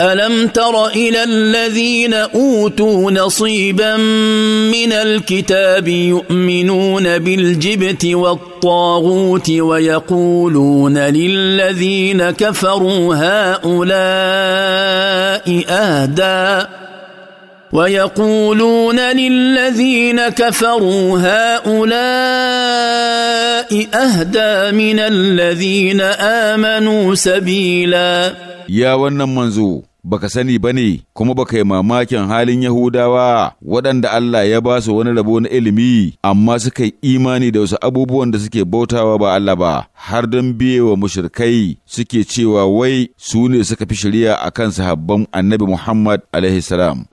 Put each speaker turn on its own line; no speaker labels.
الم تر الى الذين اوتوا نصيبا من الكتاب يؤمنون بالجبت والطاغوت ويقولون للذين كفروا هؤلاء اهدى ويقولون للذين كفروا هؤلاء أهدى من الذين آمنوا سبيلا
يا ونن منزو baka sani ba ne kuma baka yi mamakin halin Yahudawa waɗanda Allah ya ba su wani rabo na ilimi amma suka yi imani da wasu abubuwan da suke bautawa ba Allah ba har don biyewa mushrikai suke cewa wai su ne suka fi shari'a akan sahabban Annabi Muhammad alaihi salam